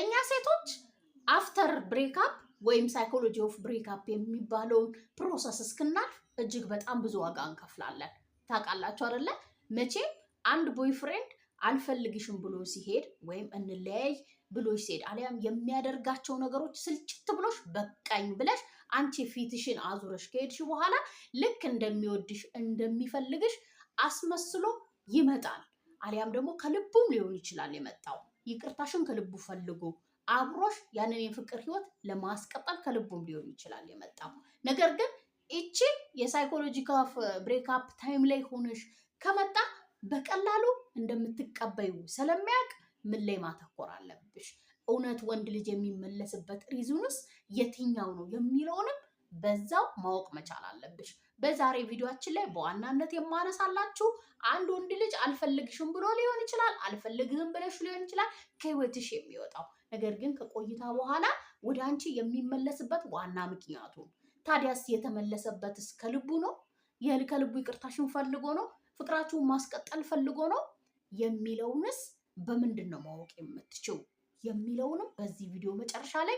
እኛ ሴቶች አፍተር ብሬክአፕ ወይም ሳይኮሎጂ ኦፍ ብሬክአፕ የሚባለውን ፕሮሰስ እስክናልፍ እጅግ በጣም ብዙ ዋጋ እንከፍላለን። ታውቃላችሁ አይደለ? መቼም አንድ ቦይፍሬንድ አልፈልግሽም ብሎ ሲሄድ ወይም እንለያይ ብሎ ሲሄድ አሊያም የሚያደርጋቸው ነገሮች ስልጭት ብሎሽ በቃኝ ብለሽ አንቺ ፊትሽን አዙረሽ ከሄድሽ በኋላ ልክ እንደሚወድሽ እንደሚፈልግሽ አስመስሎ ይመጣል። አሊያም ደግሞ ከልቡም ሊሆን ይችላል የመጣው ይቅርታሽን ከልቡ ፈልጎ አብሮሽ ያንን የፍቅር ህይወት ለማስቀጠል ከልቡም ሊሆን ይችላል የመጣው ነገር ግን እቺ የሳይኮሎጂካል ብሬክአፕ ታይም ላይ ሆነሽ ከመጣ በቀላሉ እንደምትቀበዩ ስለሚያውቅ ምን ላይ ማተኮር አለብሽ? እውነት ወንድ ልጅ የሚመለስበት ሪዝኑስ የትኛው ነው የሚለውንም በዛው ማወቅ መቻል አለብሽ። በዛሬ ቪዲዮአችን ላይ በዋናነት የማነሳላችሁ አንድ ወንድ ልጅ አልፈልግሽም ብሎ ሊሆን ይችላል፣ አልፈልግህም ብለሽ ሊሆን ይችላል ከህይወትሽ የሚወጣው ነገር ግን ከቆይታ በኋላ ወደ አንቺ የሚመለስበት ዋና ምክንያቱ። ታዲያስ የተመለሰበትስ ከልቡ ነው? ከልቡ ይቅርታሽን ፈልጎ ነው? ፍቅራችሁን ማስቀጠል ፈልጎ ነው የሚለውንስ በምንድን ነው ማወቅ የምትችው የሚለውንም በዚህ ቪዲዮ መጨረሻ ላይ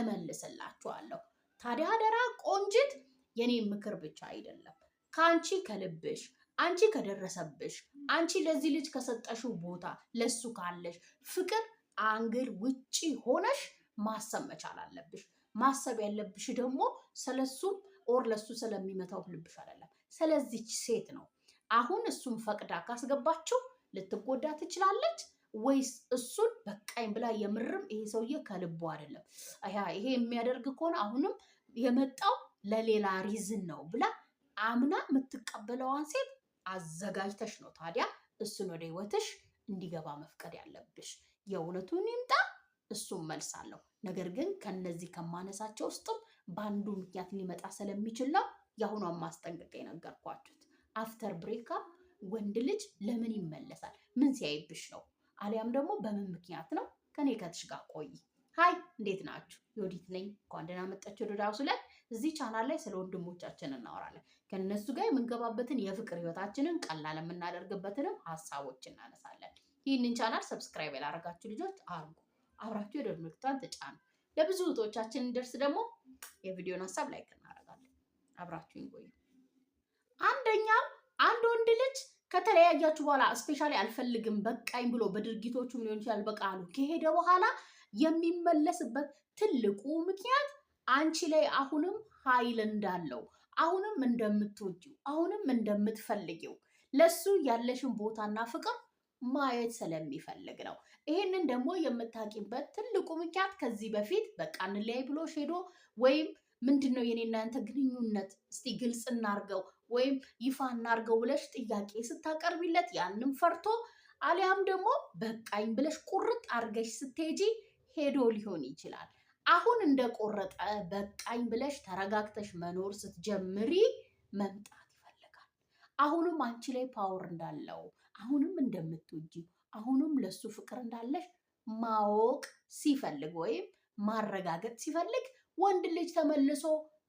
እመልስላችኋለሁ። ታዲያ አደራ ቆንጅት የኔ ምክር ብቻ አይደለም። ከአንቺ ከልብሽ አንቺ ከደረሰብሽ አንቺ ለዚህ ልጅ ከሰጠሽው ቦታ ለሱ ካለሽ ፍቅር አንግል ውጪ ሆነሽ ማሰብ መቻል አለብሽ። ማሰብ ያለብሽ ደግሞ ስለሱ ኦር ለሱ ስለሚመታው ልብሽ አይደለም፣ ስለዚች ሴት ነው። አሁን እሱን ፈቅዳ ካስገባችው ልትጎዳ ትችላለች ወይስ እሱን በቃኝ ብላ የምርም ይሄ ሰውዬ ከልቡ አይደለም ይሄ የሚያደርግ ከሆነ አሁንም የመጣው ለሌላ ሪዝን ነው ብላ አምና የምትቀበለዋን ሴት አዘጋጅተሽ ነው ታዲያ እሱን ወደ ህይወትሽ እንዲገባ መፍቀድ ያለብሽ። የእውነቱን ይምጣ እሱም መልሳለሁ። ነገር ግን ከነዚህ ከማነሳቸው ውስጥም በአንዱ ምክንያት ሊመጣ ስለሚችል ነው የአሁኗን ማስጠንቀቅ የነገርኳችሁት። አፍተር ብሬክአፕ ወንድ ልጅ ለምን ይመለሳል? ምን ሲያይብሽ ነው? አሊያም ደግሞ በምን ምክንያት ነው? ከኔ ከትሽ ጋር ቆይ። ሀይ፣ እንዴት ናችሁ? ዮዲት ነኝ። እንኳን ደህና መጣችሁ ዮድ ላይ እዚህ ቻናል ላይ ስለ ወንድሞቻችን እናወራለን። ከነሱ ጋር የምንገባበትን የፍቅር ህይወታችንን ቀላል የምናደርግበትንም ሀሳቦች እናነሳለን። ይህንን ቻናል ሰብስክራይብ ያላረጋችሁ ልጆች አርጉ፣ አብራችሁ የደወል ምልክቷን ተጫኑ። ለብዙ እህቶቻችን እንደርስ ደግሞ የቪዲዮን ሀሳብ ላይክ እናደርጋለን። አብራችሁ ይቆዩ። አንደኛው አንድ ወንድ ልጅ ከተለያያችሁ በኋላ ስፔሻሊ አልፈልግም በቃኝ ብሎ በድርጊቶቹም ሊሆን ይችላል በቃሉ ከሄደ በኋላ የሚመለስበት ትልቁ ምክንያት አንቺ ላይ አሁንም ኃይል እንዳለው አሁንም እንደምትወጂው አሁንም እንደምትፈልጊው ለሱ ያለሽን ቦታና ፍቅር ማየት ስለሚፈልግ ነው። ይሄንን ደግሞ የምታቂበት ትልቁ ምክንያት ከዚህ በፊት በቃ እንለያይ ብሎሽ ሄዶ ወይም ምንድን ነው የኔ እናንተ ግንኙነት እስቲ ግልጽ እናርገው ወይም ይፋ እናርገው ብለሽ ጥያቄ ስታቀርቢለት ያንም ፈርቶ አሊያም ደግሞ በቃኝ ብለሽ ቁርጥ አርገሽ ስትሄጂ ሄዶ ሊሆን ይችላል። አሁን እንደቆረጠ በቃኝ ብለሽ ተረጋግተሽ መኖር ስትጀምሪ መምጣት ይፈልጋል። አሁንም አንቺ ላይ ፓወር እንዳለው፣ አሁንም እንደምትወጂ፣ አሁንም ለሱ ፍቅር እንዳለሽ ማወቅ ሲፈልግ ወይም ማረጋገጥ ሲፈልግ ወንድ ልጅ ተመልሶ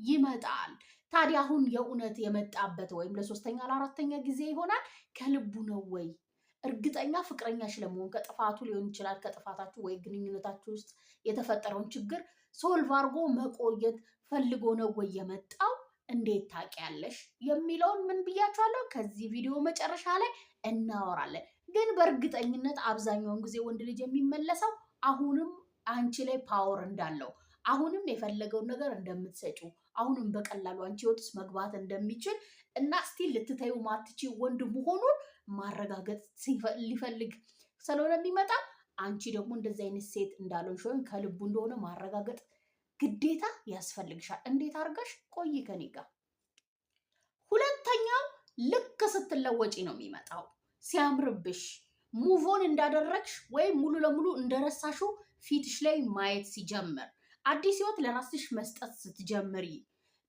ይመጣል። ታዲያ አሁን የእውነት የመጣበት ወይም ለሶስተኛ ለአራተኛ ጊዜ ይሆናል። ከልቡ ነው ወይ እርግጠኛ ፍቅረኛሽ ለመሆን ከጥፋቱ ሊሆን ይችላል ከጥፋታችሁ ወይ ግንኙነታችሁ ውስጥ የተፈጠረውን ችግር ሶልቭ አርጎ መቆየት ፈልጎ ነው ወይ የመጣው እንዴት ታውቂያለሽ የሚለውን ምን ብያችኋለሁ ከዚህ ቪዲዮ መጨረሻ ላይ እናወራለን ግን በእርግጠኝነት አብዛኛውን ጊዜ ወንድ ልጅ የሚመለሰው አሁንም አንቺ ላይ ፓወር እንዳለው አሁንም የፈለገውን ነገር እንደምትሰጩ አሁንም በቀላሉ አንቺ ህይወት መግባት እንደሚችል እና ስቲል ልትተዩ ማትቺ ወንድ መሆኑን ማረጋገጥ ሊፈልግ ስለሆነ የሚመጣ አንቺ ደግሞ እንደዚህ አይነት ሴት እንዳልሆንሽ ወይም ከልቡ እንደሆነ ማረጋገጥ ግዴታ ያስፈልግሻል። እንዴት አድርገሽ ቆይ ከኔ ጋር። ሁለተኛው ልክ ስትለወጪ ነው የሚመጣው። ሲያምርብሽ ሙቮን እንዳደረግሽ ወይም ሙሉ ለሙሉ እንደረሳሽው ፊትሽ ላይ ማየት ሲጀምር፣ አዲስ ህይወት ለራስሽ መስጠት ስትጀምሪ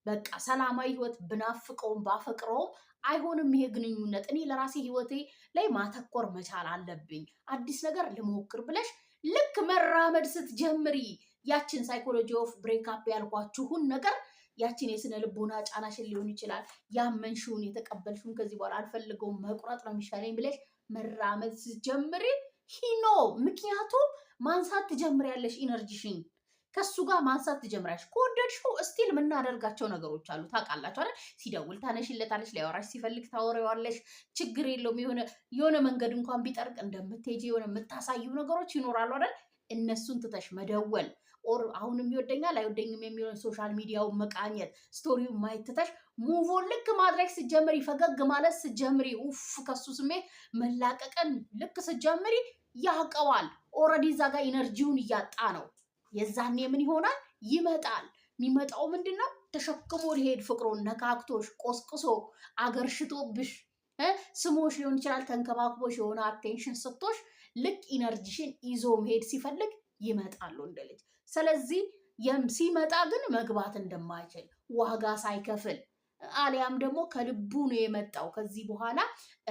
በቃ ሰላማዊ ህይወት ብናፍቀውም ባፈቅረውም አይሆንም ይሄ ግንኙነት። እኔ ለራሴ ህይወቴ ላይ ማተኮር መቻል አለብኝ፣ አዲስ ነገር ልሞክር ብለሽ ልክ መራመድ ስትጀምሪ ያችን ሳይኮሎጂ ኦፍ ብሬክአፕ ያልኳችሁን ነገር ያችን የስነ ልቦና ጫናሽን ሊሆን ይችላል ያመንሽውን የተቀበልሽውን ከዚህ በኋላ አልፈልገውም መቁረጥ ነው የሚሻለኝ ብለሽ መራመድ ስትጀምሪ ሂኖ ምክንያቱም ማንሳት ትጀምሪያለሽ ኢነርጂሽን ከሱ ጋር ማንሳት ትጀምራለሽ። ከወደድሽው ስቲል የምናደርጋቸው ነገሮች አሉ። ታውቃላችሁ አይደል? ሲደውል ታነሽለታለሽ፣ ሊያወራሽ ሲፈልግ ታወሪዋለሽ። ችግር የለውም። የሆነ የሆነ መንገድ እንኳን ቢጠርቅ እንደምትሄጂ የሆነ የምታሳዩ ነገሮች ይኖራሉ አይደል? እነሱን ትተሽ መደወል ኦር አሁንም ይወደኛል አይወደኝም የሚለውን ሶሻል ሚዲያውን መቃኘት ስቶሪውን ማየት ትተሽ ሙቮን ልክ ማድረግ ስጀምሪ፣ ፈገግ ማለት ስጀምሪ፣ ኡፍ ከሱ ስሜት መላቀቀን ልክ ስጀምሪ ያቀዋል። ኦልሬዲ እዛ ጋር ኢነርጂውን እያጣ ነው። የዛኔ ምን ይሆናል? ይመጣል። የሚመጣው ምንድን ነው? ተሸክሞ ሊሄድ ፍቅሩን ነካክቶሽ፣ ቆስቅሶ፣ አገርሽቶብሽ፣ ስሞሽ ሊሆን ይችላል። ተንከባክቦሽ የሆነ አቴንሽን ስቶሽ ልክ ኢነርጂሽን ይዞ መሄድ ሲፈልግ ይመጣል ወንድ ልጅ። ስለዚህ ሲመጣ ግን መግባት እንደማይችል ዋጋ ሳይከፍል አሊያም ደግሞ ከልቡ ነው የመጣው። ከዚህ በኋላ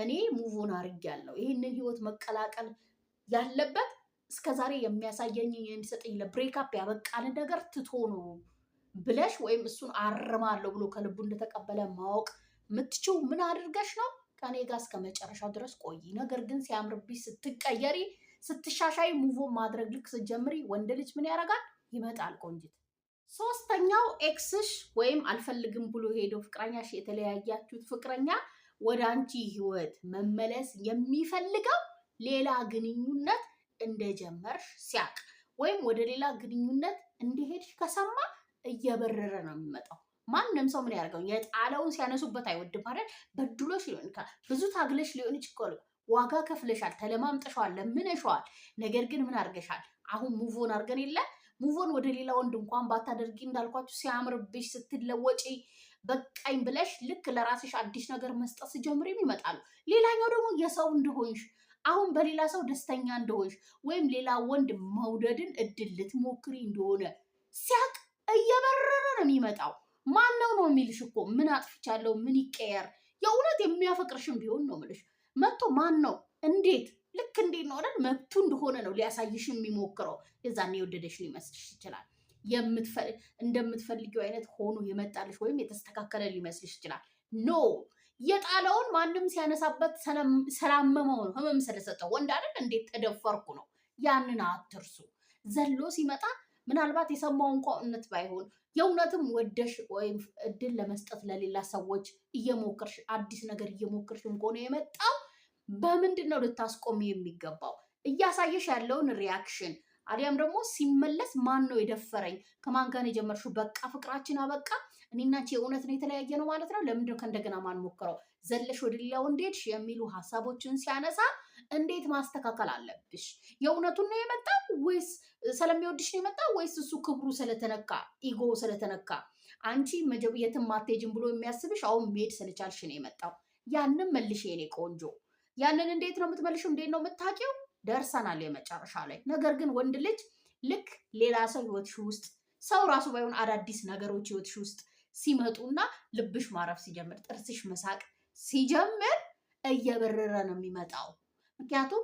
እኔ ሙቮን አድርጌያለሁ፣ ይህንን ህይወት መቀላቀል ያለበት እስከዛሬ የሚያሳየኝ የሚሰጠኝ ለብሬክአፕ ያበቃንን ነገር ትቶ ነው ብለሽ ወይም እሱን አርማለሁ ብሎ ከልቡ እንደተቀበለ ማወቅ ምትችው ምን አድርገሽ ነው? ከኔ ጋር እስከ መጨረሻው ድረስ ቆይ። ነገር ግን ሲያምርብሽ፣ ስትቀየሪ፣ ስትሻሻይ ሙቮ ማድረግ ልክ ስትጀምሪ ወንድ ልጅ ምን ያደርጋል? ይመጣል። ቆንጅት ሶስተኛው ኤክስሽ ወይም አልፈልግም ብሎ ሄደው ፍቅረኛሽ፣ የተለያያችሁት ፍቅረኛ ወደ አንቺ ህይወት መመለስ የሚፈልገው ሌላ ግንኙነት እንደጀመርሽ ሲያቅ ወይም ወደ ሌላ ግንኙነት እንደሄድሽ ከሰማ እየበረረ ነው የሚመጣው። ማንም ሰው ምን ያደርገው የጣለውን ሲያነሱበት አይወድም ማለት በድሎሽ ሊሆን ይችላል። ብዙ ታግለሽ ሊሆን ይችላል። ዋጋ ከፍለሻል፣ ተለማምጠሸዋል፣ ለምነሸዋል። ነገር ግን ምን አድርገሻል? አሁን ሙቮን አድርገን የለ ሙቮን ወደ ሌላ ወንድ እንኳን ባታደርጊ እንዳልኳችሁ ሲያምርብሽ ስትለወጪ በቃኝ ብለሽ ልክ ለራስሽ አዲስ ነገር መስጠት ስጀምሪም ይመጣሉ። ሌላኛው ደግሞ የሰው እንደሆንሽ አሁን በሌላ ሰው ደስተኛ እንደሆንሽ ወይም ሌላ ወንድ መውደድን እድል ልትሞክሪ እንደሆነ ሲያቅ እየበረረ ነው የሚመጣው። ማን ነው የሚልሽ እኮ ምን አጥፍቻለሁ፣ ምን ይቀየር። የእውነት የሚያፈቅርሽም ቢሆን ነው ምልሽ መጥቶ ማን ነው እንዴት ልክ እንዴት ነው አይደል መብቱ እንደሆነ ነው ሊያሳይሽ የሚሞክረው። የዛኔ የወደደሽ ሊመስልሽ ይችላል። እንደምትፈልጊው አይነት ሆኖ የመጣልሽ ወይም የተስተካከለ ሊመስልሽ ይችላል። ኖ የጣለውን ማንም ሲያነሳበት ስላመመው ህመም ስለሰጠው ወንድ አይደል እንዴት ተደፈርኩ ነው። ያንን አትርሱ። ዘሎ ሲመጣ ምናልባት የሰማውን እንኳ እውነት ባይሆን የእውነትም ወደሽ ወይም እድል ለመስጠት ለሌላ ሰዎች እየሞክርሽ አዲስ ነገር እየሞክርሽም ከሆነ የመጣው በምንድን ነው ልታስቆሚ የሚገባው? እያሳየሽ ያለውን ሪያክሽን አሊያም ደግሞ ሲመለስ ማን ነው የደፈረኝ፣ ከማን ጋር የጀመርሽው፣ በቃ ፍቅራችን አበቃ እኔና አንቺ የእውነት ነው የተለያየ ነው ማለት ነው። ለምንድነው ከእንደገና ማን ሞክረው ዘለሽ ወደ ሌላው እንዴት የሚሉ ሀሳቦችን ሲያነሳ እንዴት ማስተካከል አለብሽ? የእውነቱን ነው የመጣ ወይስ ስለሚወድሽ ነው የመጣ ወይስ እሱ ክብሩ ስለተነካ ኢጎ ስለተነካ አንቺ የትም ማቴጅን ብሎ የሚያስብሽ አሁን መሄድ ስለቻልሽ ነው የመጣው። ያንን መልሽ የኔ ቆንጆ። ያንን እንዴት ነው የምትመልሽው? እንዴት ነው የምታውቂው? ደርሰናል የመጨረሻ ላይ። ነገር ግን ወንድ ልጅ ልክ ሌላ ሰው ህይወትሽ ውስጥ ሰው ራሱ ባይሆን አዳዲስ ነገሮች ህይወትሽ ውስጥ ሲመጡና ልብሽ ማረፍ ሲጀምር፣ ጥርስሽ መሳቅ ሲጀምር እየበረረ ነው የሚመጣው። ምክንያቱም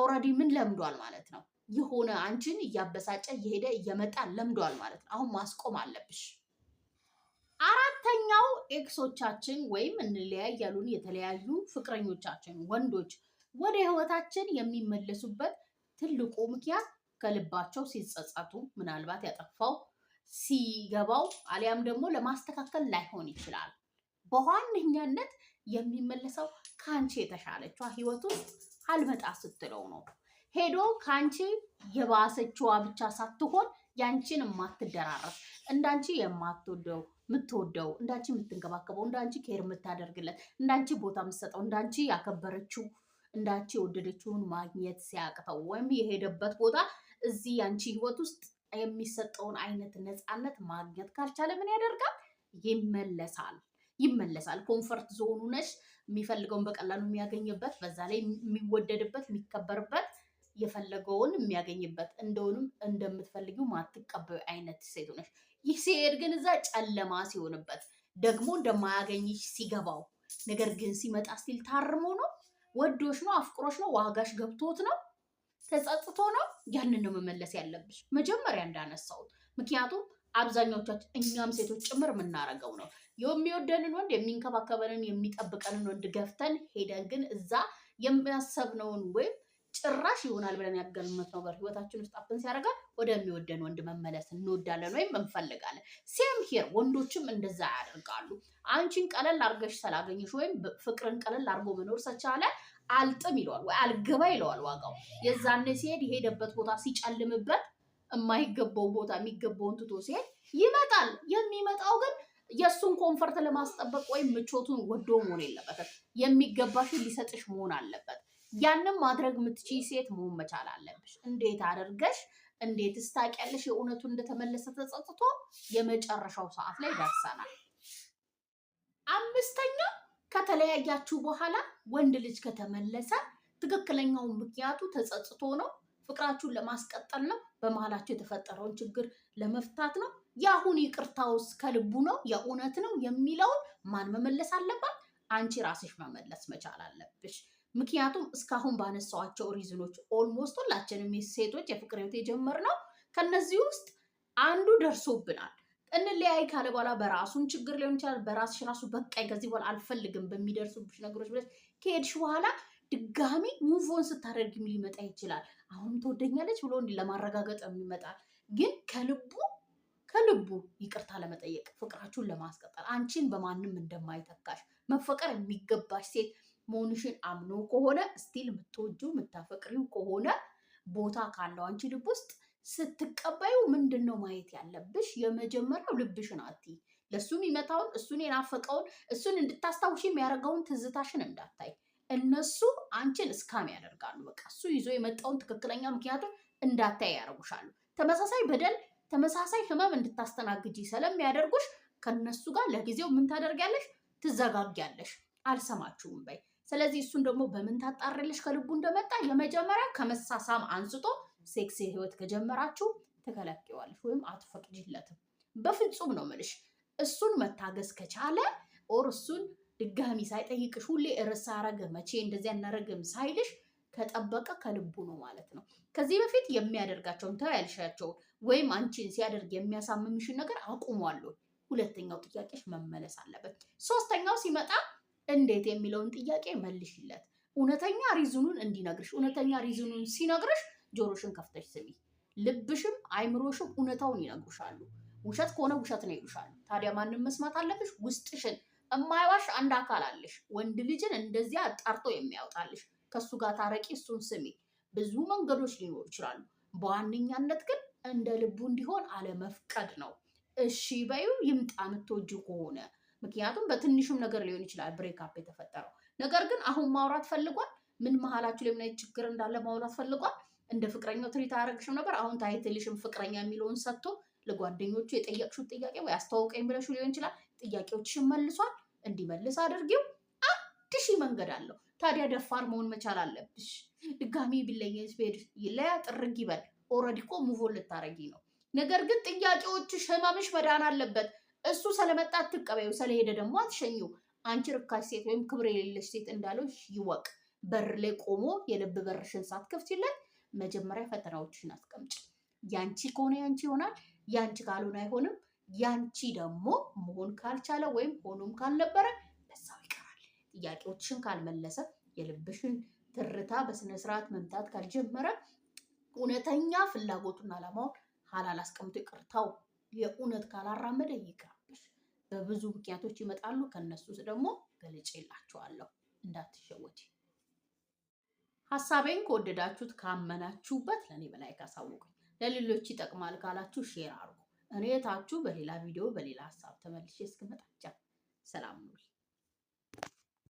ኦልሬዲ ምን ለምዷል ማለት ነው የሆነ አንቺን እያበሳጨ እየሄደ እየመጣ ለምዷል ማለት ነው። አሁን ማስቆም አለብሽ። አራተኛው ኤክሶቻችን ወይም እንለያይ ያሉን የተለያዩ ፍቅረኞቻችን ወንዶች ወደ ህይወታችን የሚመለሱበት ትልቁ ምክንያት ከልባቸው ሲጸጸቱ ምናልባት ያጠፋው ሲገባው አሊያም ደግሞ ለማስተካከል ላይሆን ይችላል። በዋነኛነት የሚመለሰው ከአንቺ የተሻለችዋ ህይወት ውስጥ አልመጣ ስትለው ነው። ሄዶ ከአንቺ የባሰችዋ ብቻ ሳትሆን ያንቺን የማትደራረስ እንዳንቺ የማትወደው የምትወደው እንዳንቺ የምትንከባከበው እንዳንቺ ኬር የምታደርግለት እንዳንቺ ቦታ የምትሰጠው እንዳንቺ ያከበረችው እንዳንቺ የወደደችውን ማግኘት ሲያቅተው ወይም የሄደበት ቦታ እዚህ ያንቺ ህይወት ውስጥ የሚሰጠውን አይነት ነፃነት ማግኘት ካልቻለ ምን ያደርጋል? ይመለሳል ይመለሳል። ኮንፈርት ዞኑ ነሽ የሚፈልገውን በቀላሉ የሚያገኝበት በዛ ላይ የሚወደድበት የሚከበርበት የፈለገውን የሚያገኝበት እንደውንም እንደምትፈልጊው ማትቀበዩ አይነት ሴት ነሽ። ይህ ሲሄድ ግን እዛ ጨለማ ሲሆንበት ደግሞ እንደማያገኝሽ ሲገባው ነገር ግን ሲመጣ ስቲል ታርሞ ነው ወዶሽ ነው አፍቅሮሽ ነው ዋጋሽ ገብቶት ነው ተጸጽቶ ነው ያንን ነው መመለስ ያለብሽ መጀመሪያ እንዳነሳሁት። ምክንያቱም አብዛኛዎቻችን እኛም ሴቶች ጭምር የምናረገው ነው። የሚወደንን ወንድ የሚንከባከበንን የሚጠብቀንን ወንድ ገፍተን ሄደን ግን እዛ የሚያሰብነውን ወይም ጭራሽ ይሆናል ብለን ያገልመት ነገር ህይወታችን ውስጥ አፍን ሲያደርጋል ወደሚወደን ወንድ መመለስ እንወዳለን ወይም እንፈልጋለን። ሴም ሄር ወንዶችም እንደዛ ያደርጋሉ። አንቺን ቀለል አርገሽ ስላገኘሽ ወይም ፍቅርን ቀለል አርጎ መኖር ሰቻለ አልጥም ይለዋል ወይ አልገባ ይለዋል ዋጋው። የዛኔ ሲሄድ የሄደበት ቦታ ሲጨልምበት የማይገባው ቦታ የሚገባውን ትቶ ሲሄድ ይመጣል። የሚመጣው ግን የእሱን ኮንፈርት ለማስጠበቅ ወይም ምቾቱን ወዶ መሆን የለበትም። የሚገባሽን ሊሰጥሽ መሆን አለበት። ያንም ማድረግ የምትችይ ሴት መሆን መቻል አለብሽ። እንዴት አደርገሽ እንዴት ስታውቂያለሽ? የእውነቱ እንደተመለሰ ተጸጽቶ የመጨረሻው ሰዓት ላይ ደርሰናል። አምስተኛ ከተለያያችሁ በኋላ ወንድ ልጅ ከተመለሰ ትክክለኛው ምክንያቱ ተጸጽቶ ነው፣ ፍቅራችሁን ለማስቀጠል ነው፣ በመሀላችሁ የተፈጠረውን ችግር ለመፍታት ነው፣ የአሁን ይቅርታውስ ከልቡ ነው፣ የእውነት ነው የሚለውን ማን መመለስ አለባት? አንቺ ራስሽ መመለስ መቻል አለብሽ። ምክንያቱም እስካሁን ባነሳዋቸው ሪዝኖች ኦልሞስት ሁላችንም ሴቶች የፍቅር ህይወት የጀመርነው ከነዚህ ውስጥ አንዱ ደርሶብናል። እንለያይ ካለ በኋላ በራሱን ችግር ሊሆን ይችላል። በራስሽ ራሱ በቃኝ ከዚህ በኋላ አልፈልግም በሚደርሱብሽ ነገሮች ብለሽ ከሄድሽ በኋላ ድጋሚ ሙቮን ስታደርግ ሊመጣ ይችላል። አሁንም ትወደኛለች ብሎ እንዲህ ለማረጋገጥ የሚመጣል ግን ከልቡ ከልቡ ይቅርታ ለመጠየቅ ፍቅራችሁን ለማስቀጠል አንቺን በማንም እንደማይተካሽ መፈቀር የሚገባሽ ሴት መሆንሽን አምኖ ከሆነ ስቲል የምትወጂው የምታፈቅሪው ከሆነ ቦታ ካለው አንቺ ልብ ውስጥ ስትቀበዩ ምንድን ነው ማየት ያለብሽ? የመጀመሪያው ልብሽን አትይ። ለእሱ የሚመታውን እሱን የናፈቀውን እሱን እንድታስታውሽ የሚያደርገውን ትዝታሽን እንዳታይ። እነሱ አንቺን እስካም ያደርጋሉ። በቃ እሱ ይዞ የመጣውን ትክክለኛ ምክንያቱን እንዳታይ ያደርጉሻሉ። ተመሳሳይ በደል፣ ተመሳሳይ ህመም እንድታስተናግጂ ስለሚያደርጉሽ ከነሱ ጋር ለጊዜው ምን ታደርጊያለሽ? ትዘጋጊያለሽ። አልሰማችሁም በይ። ስለዚህ እሱን ደግሞ በምን ታጣሪልሽ ከልቡ እንደመጣ የመጀመሪያ ከመሳሳም አንስቶ ሴክስ ህይወት ከጀመራችሁ ትከለኪዋለሽ ወይም አትፈቅጅለትም በፍጹም ነው ምልሽ። እሱን መታገስ ከቻለ ኦር እሱን ድጋሚ ሳይጠይቅሽ ሁሌ እርስ አረገ መቼ እንደዚያ እናረግም ሳይልሽ ከጠበቀ ከልቡ ነው ማለት ነው። ከዚህ በፊት የሚያደርጋቸውን ተው ያልሻቸውን ወይም አንቺን ሲያደርግ የሚያሳምምሽን ነገር አቁሟለሁ። ሁለተኛው ጥያቄሽ መመለስ አለበት። ሶስተኛው ሲመጣ እንዴት የሚለውን ጥያቄ መልሽለት። እውነተኛ ሪዝኑን እንዲነግርሽ እውነተኛ ሪዝኑን ሲነግርሽ ጆሮሽን ከፍተሽ ስሚ። ልብሽም አይምሮሽም እውነታውን ይነግሩሻሉ። ውሸት ከሆነ ውሸት ነው ይሉሻሉ። ታዲያ ማንም መስማት አለብሽ? ውስጥሽን እማይዋሽ አንድ አካል አለሽ፣ ወንድ ልጅን እንደዚያ አጣርቶ የሚያወጣልሽ። ከሱ ጋር ታረቂ፣ እሱን ስሚ። ብዙ መንገዶች ሊኖሩ ይችላሉ። በዋነኛነት ግን እንደ ልቡ እንዲሆን አለመፍቀድ ነው። እሺ በዩ ይምጣ የምትወጂው ከሆነ ምክንያቱም በትንሹም ነገር ሊሆን ይችላል ብሬክአፕ የተፈጠረው ነገር ግን አሁን ማውራት ፈልጓል። ምን መሀላችሁ ላይ ምን ችግር እንዳለ ማውራት ፈልጓል። እንደ ፍቅረኛው ትሪት አረግሽም ነበር። አሁን ታይትልሽም ፍቅረኛ የሚለውን ሰጥቶ ለጓደኞቹ የጠየቅሽው ጥያቄ ወይ አስተዋውቀኝ ብለሽ ሊሆን ይችላል። ጥያቄዎችሽን መልሷል፣ እንዲመልስ አድርጊው። አንድ ሺህ መንገድ አለው። ታዲያ ደፋር መሆን መቻል አለብሽ። ድጋሚ ቢለየኝ ብሄድ ይለያ ጥርግ ይበል። ኦልሬዲ እኮ ሙቮ ልታረጊ ነው። ነገር ግን ጥያቄዎችሽ፣ ህመምሽ መዳን አለበት። እሱ ስለመጣ አትቀበዩ፣ ስለሄደ ደግሞ አትሸኙ። አንቺ ርካሽ ሴት ወይም ክብር የሌለሽ ሴት እንዳለሽ ይወቅ። በር ላይ ቆሞ የልብ በርሽን ሳትከፍቺለት መጀመሪያ ፈተናዎችሽን አስቀምጭ። ያንቺ ከሆነ ያንቺ ይሆናል፣ ያንቺ ካልሆነ አይሆንም። ያንቺ ደግሞ መሆን ካልቻለ ወይም ሆኖም ካልነበረ በዛው ይቀራል። ጥያቄዎችን ካልመለሰ የልብሽን ትርታ በስነስርዓት መምታት ካልጀመረ እውነተኛ ፍላጎቱን አላማውን ሀላል አስቀምጦ ይቅርታው የእውነት ካላራመደ ይቅርብሽ። በብዙ ምክንያቶች ይመጣሉ። ከነሱ ደግሞ በልጭ የላቸዋለሁ። እንዳትሸወጂ። ሀሳቤን ከወደዳችሁት ካመናችሁበት ለእኔ በላይ አሳውቁኝ። ለሌሎች ይጠቅማል ካላችሁ ሼር አድርጉ። እኔ የታችሁ በሌላ ቪዲዮ በሌላ ሀሳብ ተመልሼ እስክመጣ ሰላም ነው።